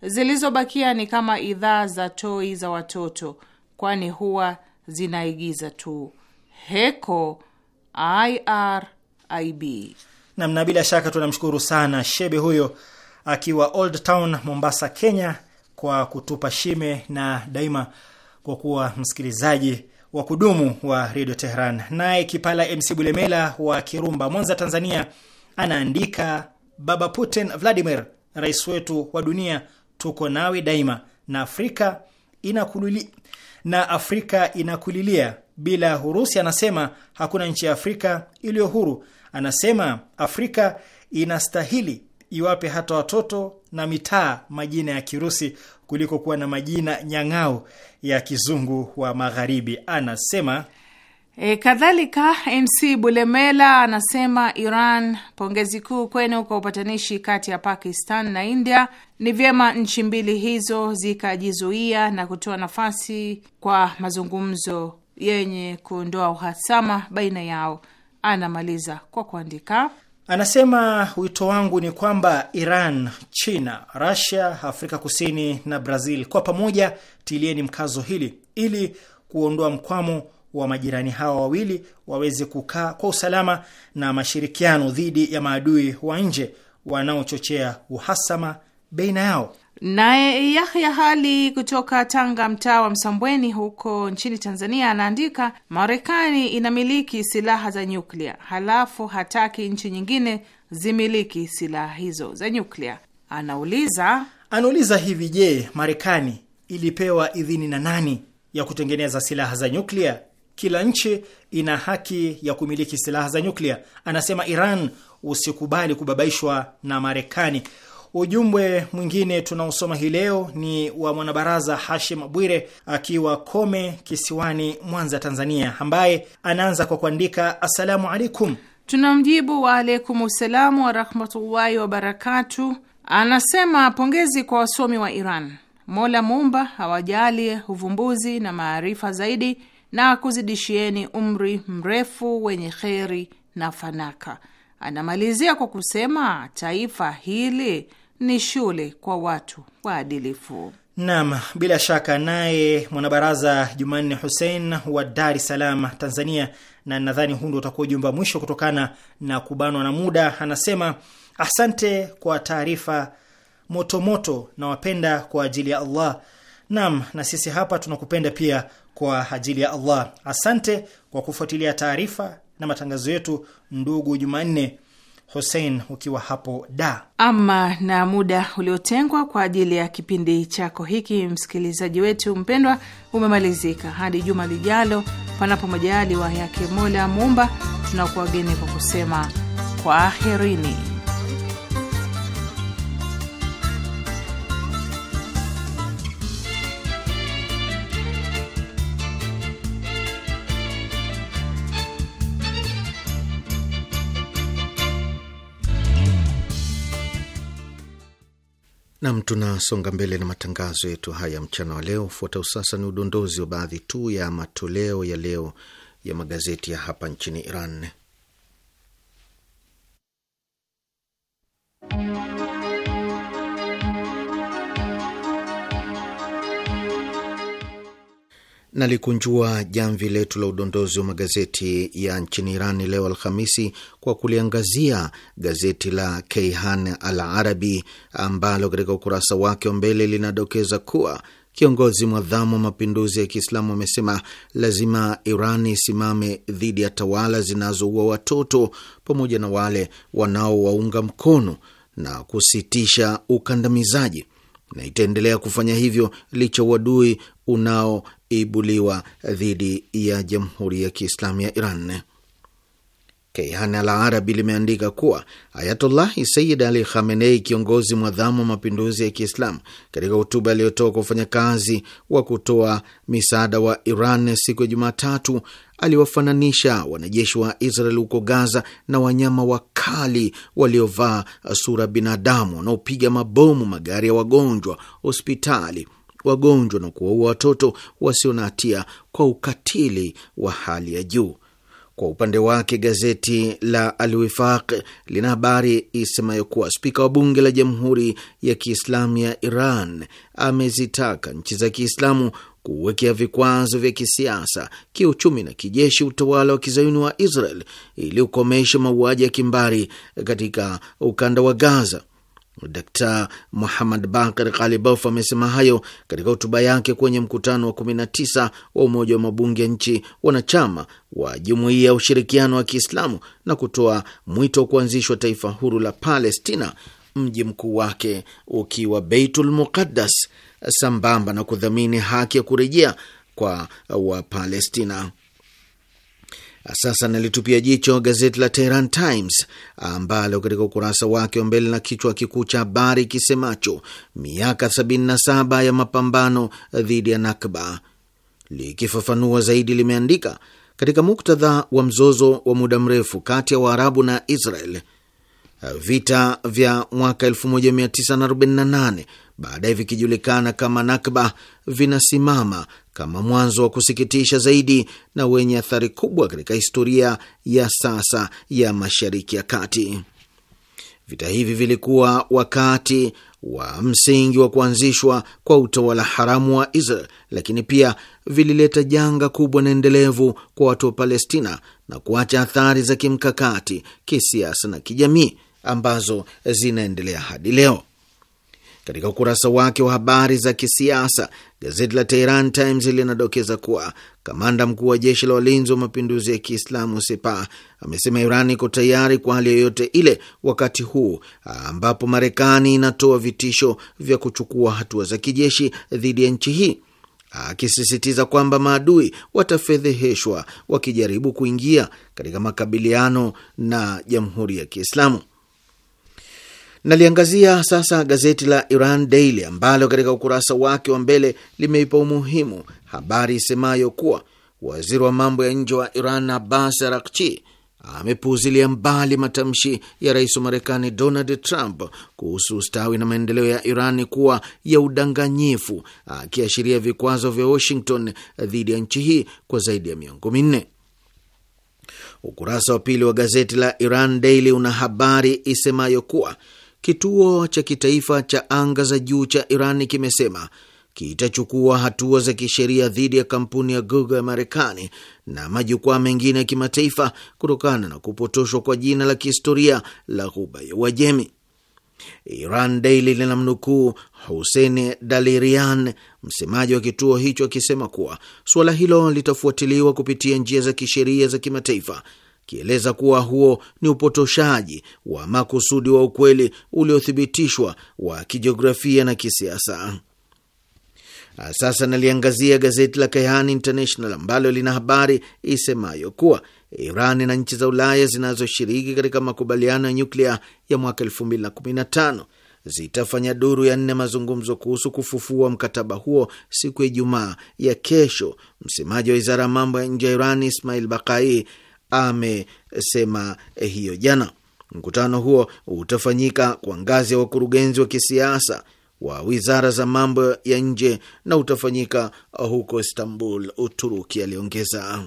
Zilizobakia ni kama idhaa za toi za watoto, kwani huwa zinaigiza tu. Heko IRIB namna. Bila shaka tunamshukuru sana Shebe huyo akiwa Old Town Mombasa, Kenya, kwa kutupa shime na daima kwa kuwa msikilizaji wa kudumu wa redio Tehran. Naye Kipala MC Bulemela wa Kirumba, Mwanza, Tanzania, anaandika Baba Putin, Vladimir rais wetu wa dunia, tuko nawe daima, na Afrika inakulili na Afrika inakulilia bila Urusi. Anasema hakuna nchi ya Afrika iliyo huru. Anasema Afrika inastahili iwape hata watoto na mitaa majina ya Kirusi kuliko kuwa na majina nyang'ao ya kizungu wa Magharibi, anasema. E, kadhalika MC Bulemela anasema Iran, pongezi kuu kwenu kwa upatanishi kati ya Pakistan na India. Ni vyema nchi mbili hizo zikajizuia na kutoa nafasi kwa mazungumzo yenye kuondoa uhasama baina yao. Anamaliza kwa kuandika Anasema wito wangu ni kwamba Iran, China, rasia Afrika Kusini na Brazil kwa pamoja tilieni mkazo hili ili kuondoa mkwamo wa majirani hawa wawili waweze kukaa kwa usalama na mashirikiano dhidi ya maadui wa nje wanaochochea uhasama baina yao. Naye Yahya Hali kutoka Tanga, mtaa wa Msambweni huko nchini Tanzania, anaandika Marekani inamiliki silaha za nyuklia, halafu hataki nchi nyingine zimiliki silaha hizo za nyuklia. Anauliza anauliza hivi, je, Marekani ilipewa idhini na nani ya kutengeneza silaha za nyuklia? Kila nchi ina haki ya kumiliki silaha za nyuklia. Anasema Iran usikubali kubabaishwa na Marekani. Ujumbe mwingine tunaosoma hii leo ni wa mwanabaraza Hashim Bwire akiwa Kome kisiwani Mwanza, Tanzania, ambaye anaanza kwa kuandika assalamu alaikum. Tunamjibu waalaikum ussalamu warahmatullahi wabarakatu. Anasema pongezi kwa wasomi wa Iran, Mola mumba hawajali uvumbuzi na maarifa zaidi na kuzidishieni umri mrefu wenye kheri na fanaka. Anamalizia kwa kusema taifa hili ni shule kwa watu waadilifu. Naam, bila shaka. Naye mwanabaraza Jumanne Hussein wa Dar es Salaam, Tanzania, na nadhani huu utakuwa ujumbe wa mwisho kutokana na kubanwa na muda, anasema asante kwa taarifa motomoto, na wapenda kwa ajili ya Allah. Naam, na sisi hapa tunakupenda pia kwa ajili ya Allah. Asante kwa kufuatilia taarifa na matangazo yetu, ndugu Jumanne Hussein ukiwa hapo da. Ama na muda uliotengwa kwa ajili ya kipindi chako hiki, msikilizaji wetu mpendwa, umemalizika. Hadi juma lijalo, panapo majaliwa yake Mola Muumba, tunakuwageni kwa kusema kwaherini. Nam, tunasonga mbele na matangazo yetu haya mchana wa leo. fuata sasa ni udondozi wa baadhi tu ya matoleo ya leo ya magazeti ya hapa nchini Iran. Nalikunjua jamvi letu la udondozi wa magazeti ya nchini iran leo Alhamisi kwa kuliangazia gazeti la Keihan Al Arabi ambalo katika ukurasa wake wa mbele linadokeza kuwa kiongozi mwadhamu wa mapinduzi ya Kiislamu amesema lazima Iran isimame dhidi ya tawala zinazoua watoto pamoja na wale wanaowaunga mkono na kusitisha ukandamizaji na itaendelea kufanya hivyo licha uadui unao ibuliwa dhidi ya Jamhuri ya Kiislamu ya Iran. Kayhan Al Arabi limeandika kuwa Ayatullahi Sayid Ali Khamenei, kiongozi mwadhamu wa mapinduzi ya Kiislamu, katika hotuba aliyotoa kwa wafanyakazi wa kutoa misaada wa Iran siku ya Jumatatu aliwafananisha wanajeshi wa Israel huko Gaza na wanyama wakali waliovaa sura binadamu wanaopiga mabomu magari ya wagonjwa, hospitali wagonjwa na kuwaua watoto wasio na hatia kwa ukatili wa hali ya juu. Kwa upande wake gazeti la Alwifaq lina habari isemayo kuwa spika wa bunge la Jamhuri ya Kiislamu ya Iran amezitaka nchi za Kiislamu kuwekea vikwazo vya kisiasa, kiuchumi na kijeshi utawala wa kizayuni wa Israel ili ukomeshe mauaji ya kimbari katika ukanda wa Gaza Dkt Muhamad Bakir Kalibof amesema hayo katika hotuba yake kwenye mkutano wa 19 wa Umoja wa Mabunge ya Nchi Wanachama wa Jumuiya ya Ushirikiano wa Kiislamu na kutoa mwito wa kuanzishwa taifa huru la Palestina, mji mkuu wake ukiwa Beitul Muqaddas, sambamba na kudhamini haki ya kurejea kwa Wapalestina. Sasa nalitupia jicho gazeti la Tehran Times ambalo katika ukurasa wake wa mbele na kichwa kikuu cha habari kisemacho miaka 77 ya mapambano dhidi ya Nakba, likifafanua zaidi limeandika katika muktadha wa mzozo wa muda mrefu kati ya Waarabu na Israel, vita vya mwaka 1948 baadaye vikijulikana kama Nakba vinasimama kama mwanzo wa kusikitisha zaidi na wenye athari kubwa katika historia ya sasa ya Mashariki ya Kati. Vita hivi vilikuwa wakati wa msingi wa kuanzishwa kwa utawala haramu wa Israel, lakini pia vilileta janga kubwa na endelevu kwa watu wa Palestina na kuacha athari za kimkakati, kisiasa na kijamii ambazo zinaendelea hadi leo. Katika ukurasa wake wa habari za kisiasa, gazeti la Tehran Times linadokeza kuwa kamanda mkuu wa jeshi la walinzi wa mapinduzi ya Kiislamu sepa amesema Iran iko tayari kwa hali yoyote ile, wakati huu ambapo Marekani inatoa vitisho vya kuchukua hatua za kijeshi dhidi ya nchi hii, akisisitiza kwamba maadui watafedheheshwa wakijaribu kuingia katika makabiliano na jamhuri ya Kiislamu. Naliangazia sasa gazeti la Iran Daily ambalo katika ukurasa wake wa mbele limeipa umuhimu habari isemayo kuwa waziri wa mambo ya nje wa Iran Abbas Arakchi amepuuzilia mbali matamshi ya rais wa Marekani Donald Trump kuhusu ustawi na maendeleo ya Iran kuwa ya udanganyifu, akiashiria vikwazo vya Washington dhidi ya nchi hii kwa zaidi ya miongo minne. Ukurasa wa pili wa gazeti la Iran Daily una habari isemayo kuwa kituo cha kitaifa cha anga za juu cha Iran kimesema kitachukua hatua za kisheria dhidi ya kampuni ya Google ya Marekani na majukwaa mengine ya kimataifa kutokana na kupotoshwa kwa jina la kihistoria la Ghuba ya Uajemi. Iran Daily linamnukuu Hussein Dalirian, msemaji wa kituo hicho, akisema kuwa suala hilo litafuatiliwa kupitia njia za kisheria za kimataifa kieleza kuwa huo ni upotoshaji wa makusudi wa ukweli uliothibitishwa wa kijiografia na kisiasa. Ah, sasa naliangazia gazeti la Kayhan International ambalo lina habari isemayo kuwa Iran na nchi za Ulaya zinazoshiriki katika makubaliano ya nyuklia ya mwaka 2015 zitafanya duru ya nne mazungumzo kuhusu kufufua mkataba huo siku ya Ijumaa ya kesho. Msemaji wa wizara ya mambo ya nje ya Iran Ismail Bakai amesema eh, hiyo jana. Mkutano huo utafanyika kwa ngazi ya wakurugenzi wa kisiasa wa wizara za mambo ya nje na utafanyika eh, huko Istanbul, Uturuki, aliongeza.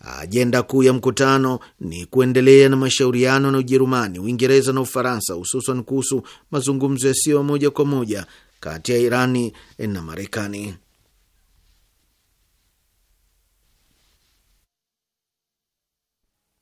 Ajenda kuu ya mkutano ni kuendelea na mashauriano na Ujerumani, Uingereza na Ufaransa, hususan kuhusu mazungumzo yasiyo moja kwa moja kati ya Irani na Marekani.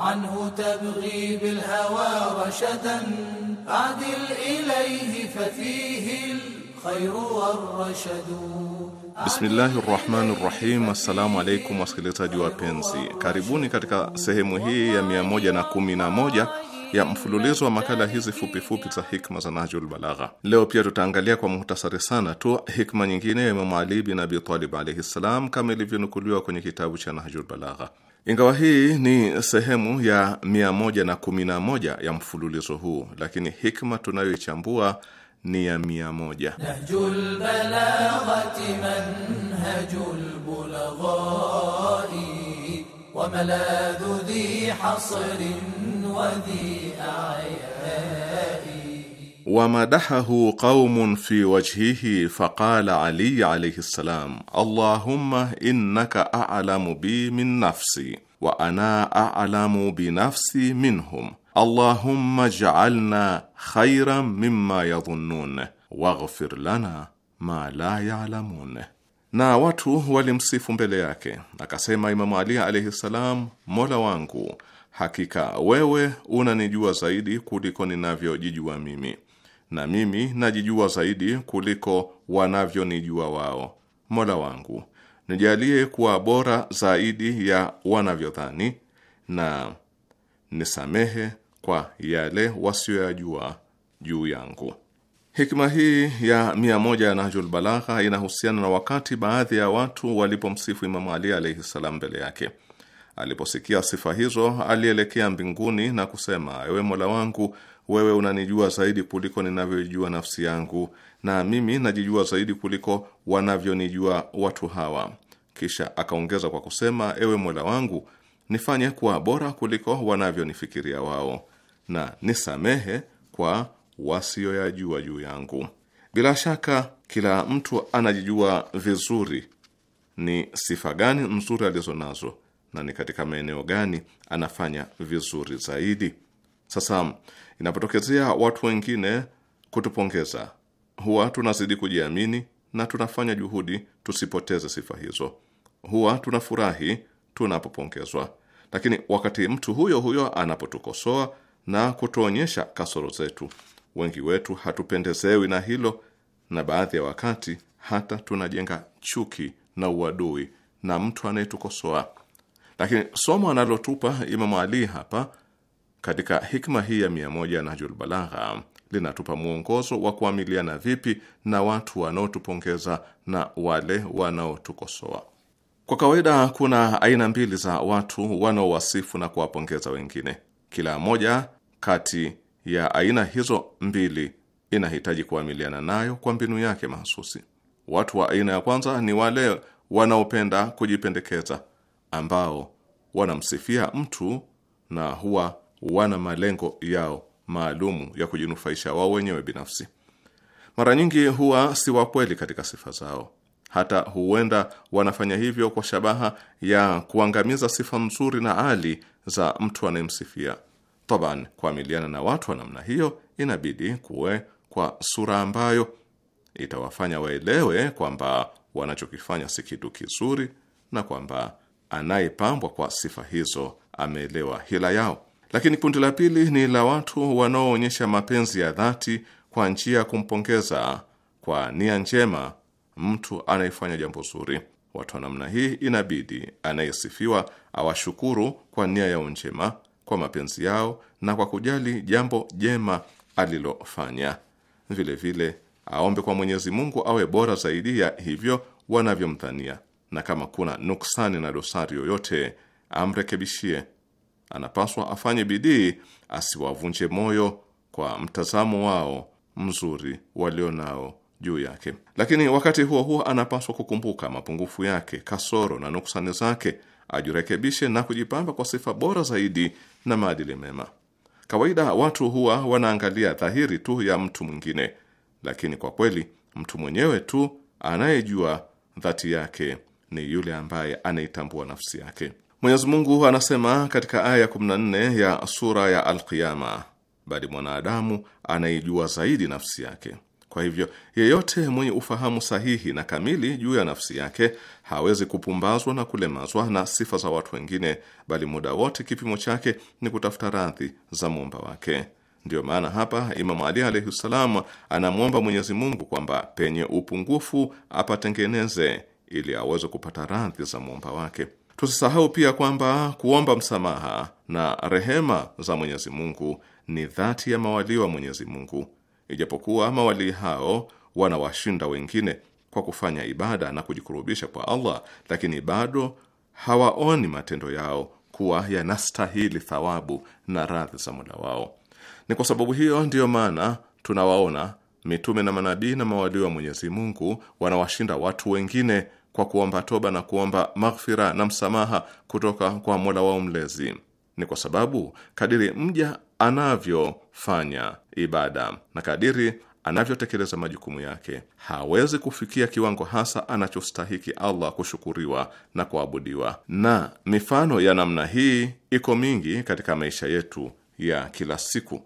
عنه تبغي بالهوى رشدا أعدل إليه ففيه الخير والرشد Bismillahi rahmani rahim. Assalamu alaikum wasikilizaji wapenzi, karibuni katika sehemu hii ya 111 ya mfululizo wa makala hizi fupifupi za hikma za Nahjul Balagha. Leo pia tutaangalia kwa muhtasari sana tu hikma nyingine ya Imamu Ali bin Abi Talib alaihi ssalam, kama ilivyonukuliwa kwenye kitabu cha Nahjul Balagha. Ingawa hii ni sehemu ya 111 ya mfululizo huu, lakini hikma tunayoichambua ni ya 100. Nahjul wamadahahu qaumun fi wajhihi faqala Ali alayhi salam, Allahumma innaka a'lamu bi min nafsi wa ana a'lamu bi nafsi minhum Allahumma ij'alna khayran mimma yadhunnun waghfir lana ma la ya'lamun. Na watu walimsifu mbele yake, akasema Imamu Ali alayhi salam, Mola wangu, hakika wewe unanijua zaidi kuliko ninavyojijua mimi na mimi najijua zaidi kuliko wanavyonijua wao. Mola wangu, nijalie kuwa bora zaidi ya wanavyodhani na nisamehe kwa yale wasiyoyajua juu yangu. Hikma hii ya mia moja ya Nahjul Balagha inahusiana na wakati baadhi ya watu walipomsifu Imamu Ali alaihi ssalam mbele yake. Aliposikia sifa hizo, alielekea mbinguni na kusema, ewe Mola wangu wewe unanijua zaidi kuliko ninavyojua nafsi yangu, na mimi najijua zaidi kuliko wanavyonijua watu hawa. Kisha akaongeza kwa kusema, ewe Mola wangu, nifanye kuwa bora kuliko wanavyonifikiria wao, na nisamehe kwa wasiyoyajua juu yangu. Bila shaka kila mtu anajijua vizuri ni sifa gani nzuri alizo nazo na ni katika maeneo gani anafanya vizuri zaidi. Sasa Inapotokezea watu wengine kutupongeza, huwa tunazidi kujiamini na tunafanya juhudi tusipoteze sifa hizo. Huwa tunafurahi tunapopongezwa, lakini wakati mtu huyo huyo anapotukosoa na kutuonyesha kasoro zetu, wengi wetu hatupendezewi na hilo, na baadhi ya wakati hata tunajenga chuki na uadui na mtu anayetukosoa. Lakini somo analotupa Imamu Ali hapa katika hikma hii ya mia moja Nahjul Balagha linatupa mwongozo wa kuamiliana vipi na watu wanaotupongeza na wale wanaotukosoa. Kwa kawaida kuna aina mbili za watu wanaowasifu na kuwapongeza wengine. Kila moja kati ya aina hizo mbili inahitaji kuamiliana nayo kwa mbinu yake mahsusi. Watu wa aina ya kwanza ni wale wanaopenda kujipendekeza, ambao wanamsifia mtu na huwa wana malengo yao maalumu ya kujinufaisha wao wenyewe binafsi. Mara nyingi huwa si wakweli katika sifa zao, hata huenda wanafanya hivyo kwa shabaha ya kuangamiza sifa nzuri na ali za mtu anayemsifia. Taban, kuamiliana na watu wa namna hiyo inabidi kuwe kwa sura ambayo itawafanya waelewe kwamba wanachokifanya si kitu kizuri na kwamba anayepambwa kwa sifa hizo ameelewa hila yao. Lakini kundi la pili ni la watu wanaoonyesha mapenzi ya dhati kwa njia ya kumpongeza kwa nia njema mtu anayefanya jambo zuri. Watu wa namna hii inabidi anayesifiwa awashukuru kwa nia yao njema, kwa mapenzi yao na kwa kujali jambo jema alilofanya. Vile vile aombe kwa Mwenyezi Mungu awe bora zaidi ya hivyo wanavyomdhania, na kama kuna nuksani na dosari yoyote amrekebishie anapaswa afanye bidii asiwavunje moyo kwa mtazamo wao mzuri walio nao juu yake, lakini wakati huo huo anapaswa kukumbuka mapungufu yake, kasoro na nuksani zake, ajirekebishe na kujipamba kwa sifa bora zaidi na maadili mema. Kawaida watu huwa wanaangalia dhahiri tu ya mtu mwingine, lakini kwa kweli mtu mwenyewe tu anayejua dhati yake ni yule ambaye anaitambua nafsi yake. Mwenyezi Mungu anasema katika aya ya 14 ya sura ya Al-Qiyama, bali mwanadamu anaijua zaidi nafsi yake. Kwa hivyo yeyote mwenye ufahamu sahihi na kamili juu ya nafsi yake hawezi kupumbazwa na kulemazwa na sifa za watu wengine, bali muda wote kipimo chake ni kutafuta radhi za muumba wake. Ndiyo maana hapa Imamu Ali alaihi ssalam anamwomba Mwenyezi Mungu kwamba penye upungufu apatengeneze, ili aweze kupata radhi za muumba wake. Tusisahau pia kwamba kuomba msamaha na rehema za Mwenyezi Mungu ni dhati ya mawalii wa Mwenyezi Mungu, ijapokuwa mawalii hao wanawashinda wengine kwa kufanya ibada na kujikurubisha kwa Allah, lakini bado hawaoni matendo yao kuwa yanastahili thawabu na radhi za Mola wao. Ni kwa sababu hiyo ndiyo maana tunawaona mitume na manabii na mawalii wa Mwenyezi Mungu wanawashinda watu wengine kwa kuomba toba na kuomba maghfira na msamaha kutoka kwa Mola wao mlezi. Ni kwa sababu kadiri mja anavyofanya ibada na kadiri anavyotekeleza majukumu yake hawezi kufikia kiwango hasa anachostahiki Allah kushukuriwa na kuabudiwa. Na mifano ya namna hii iko mingi katika maisha yetu ya kila siku.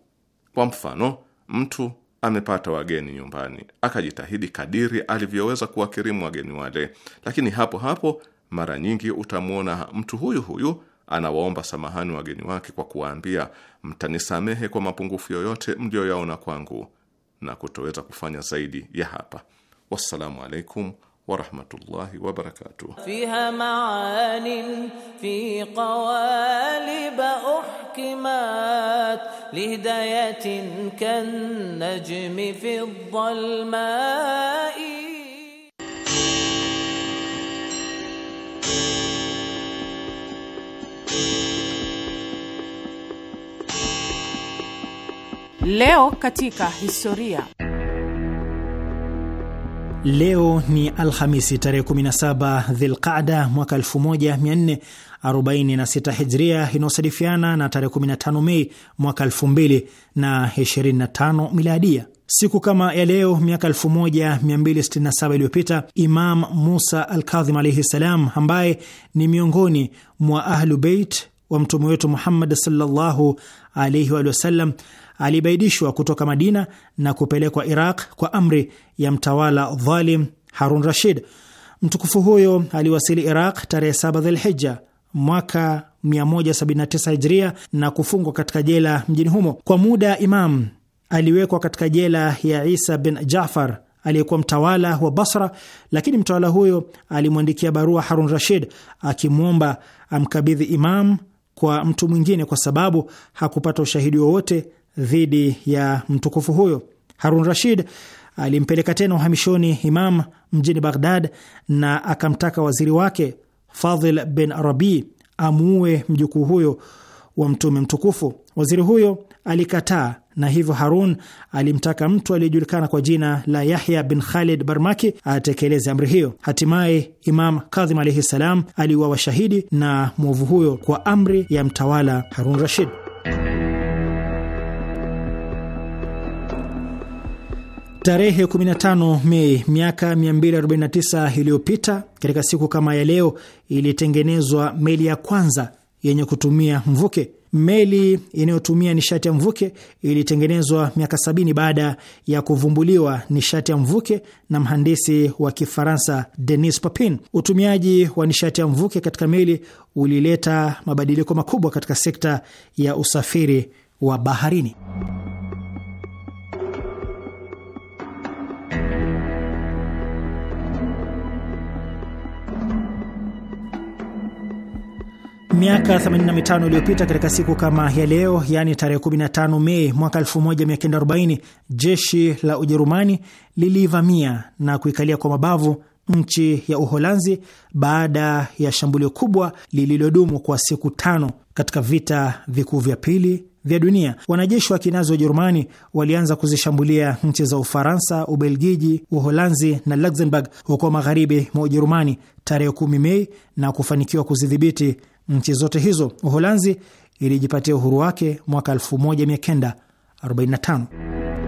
Kwa mfano, mtu amepata wageni nyumbani, akajitahidi kadiri alivyoweza kuwakirimu wageni wale, lakini hapo hapo mara nyingi utamwona mtu huyu huyu anawaomba samahani wageni wake kwa kuwaambia, mtanisamehe kwa mapungufu yoyote mliyoyaona kwangu na kutoweza kufanya zaidi ya hapa. Wassalamu alaikum ورحمة الله وبركاته فيها معان في قوالب أحكمات لهداية كالنجم في الظلماء Leo katika historia Leo ni Alhamisi tarehe 17 Dhilqada mwaka 1446 Hijria, inayosadifiana na tarehe 15 Mei mwaka 2025 Miladia. Siku kama ya leo miaka 1267 iliyopita Imam Musa Alkadhim alaihi ssalam, ambaye ni miongoni mwa Ahlu Beit wa mtume wetu Muhammad sallallahu alaihi wasallam alibaidishwa kutoka Madina na kupelekwa Iraq kwa amri ya mtawala dhalim Harun Rashid. Mtukufu huyo aliwasili Iraq tarehe 7 Dhulhijja mwaka 179 Hijria na kufungwa katika jela mjini humo kwa muda. Imam aliwekwa katika jela ya Isa bin Jafar aliyekuwa mtawala wa Basra, lakini mtawala huyo alimwandikia barua Harun Rashid akimwomba amkabidhi Imam kwa mtu mwingine kwa sababu hakupata ushahidi wowote dhidi ya mtukufu huyo. Harun Rashid alimpeleka tena uhamishoni Imam mjini Baghdad na akamtaka waziri wake Fadhil bin Rabi amuue mjukuu huyo wa mtume mtukufu. Waziri huyo alikataa, na hivyo Harun alimtaka mtu aliyejulikana kwa jina la Yahya bin Khalid Barmaki atekeleze amri hiyo. Hatimaye Imam Kadhim alaihi ssalam aliuawa shahidi na mwovu huyo kwa amri ya mtawala Harun Rashid. Tarehe 15 Mei miaka 249 iliyopita, katika siku kama ya leo, ilitengenezwa meli ya kwanza yenye kutumia mvuke. Meli inayotumia nishati ya mvuke ilitengenezwa miaka sabini baada ya kuvumbuliwa nishati ya mvuke na mhandisi wa Kifaransa Denis Papin. Utumiaji wa nishati ya mvuke katika meli ulileta mabadiliko makubwa katika sekta ya usafiri wa baharini. Miaka 85 iliyopita katika siku kama ya leo, yaani tarehe 15 Mei mwaka 1940, jeshi la Ujerumani lilivamia na kuikalia kwa mabavu nchi ya Uholanzi baada ya shambulio kubwa lililodumu kwa siku tano katika vita vikuu vya pili vya dunia. Wanajeshi wa kinazi wa Ujerumani walianza kuzishambulia nchi za Ufaransa, Ubelgiji, Uholanzi na Luxembourg huko magharibi mwa Ujerumani tarehe 10 Mei na kufanikiwa kuzidhibiti Nchi zote hizo Uholanzi ilijipatia uhuru wake mwaka 1945.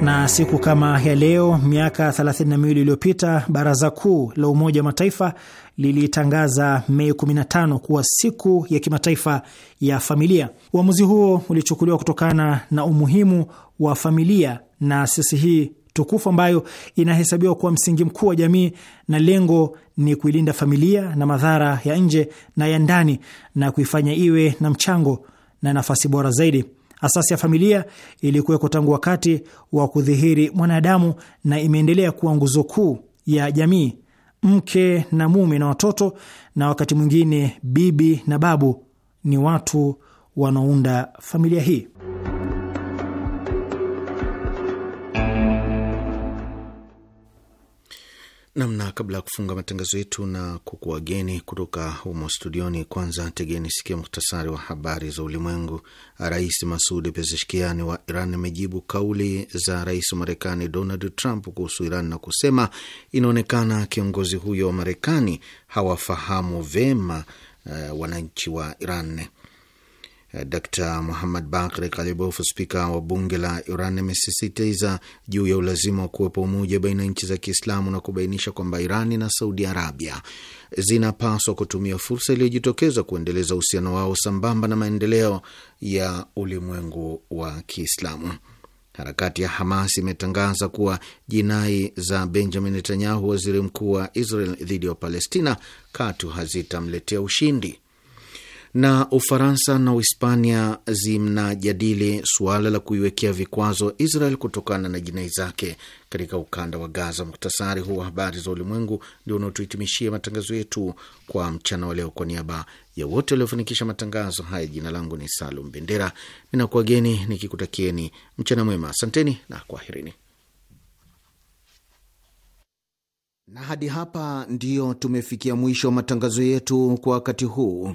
Na siku kama ya leo miaka 32 iliyopita Baraza Kuu la Umoja wa Mataifa lilitangaza Mei 15 kuwa siku ya kimataifa ya familia. Uamuzi huo ulichukuliwa kutokana na umuhimu wa familia na sisi hii tukufu ambayo inahesabiwa kuwa msingi mkuu wa jamii, na lengo ni kuilinda familia na madhara ya nje na ya ndani na kuifanya iwe na mchango na nafasi bora zaidi Asasi ya familia ilikuweko tangu wakati wa kudhihiri mwanadamu na imeendelea kuwa nguzo kuu ya jamii. Mke na mume na watoto, na wakati mwingine bibi na babu, ni watu wanaounda familia hii. namna. Kabla ya kufunga matangazo yetu na kukuwageni kutoka humo studioni, kwanza tegeni sikia muhtasari wa habari za ulimwengu. Rais Masud Pezeshkiani wa Iran amejibu kauli za rais wa Marekani Donald Trump kuhusu Iran na kusema inaonekana kiongozi huyo wa Marekani hawafahamu vema uh, wananchi wa Iran. Eh, Dr Muhammad Bakri Kalibof, spika wa bunge la Iran, amesisitiza juu ya ulazima wa kuwepo umoja baina ya nchi za Kiislamu na kubainisha kwamba Irani na Saudi Arabia zinapaswa kutumia fursa iliyojitokeza kuendeleza uhusiano wao sambamba na maendeleo ya ulimwengu wa Kiislamu. Harakati ya Hamas imetangaza kuwa jinai za Benjamin Netanyahu, waziri mkuu wa Israel, dhidi ya Palestina katu hazitamletea ushindi na Ufaransa na Uhispania zinajadili suala la kuiwekea vikwazo Israel kutokana na jinai zake katika ukanda wa Gaza. Muktasari huu wa habari za ulimwengu ndio unaotuhitimishia matangazo yetu kwa mchana wa leo. Kwa niaba ya wote waliofanikisha matangazo haya, jina langu ni Salum Bendera, ninakuwageni nikikutakieni mchana mwema. Asanteni na kwaherini. Na hadi hapa ndiyo tumefikia mwisho wa matangazo yetu kwa wakati huu.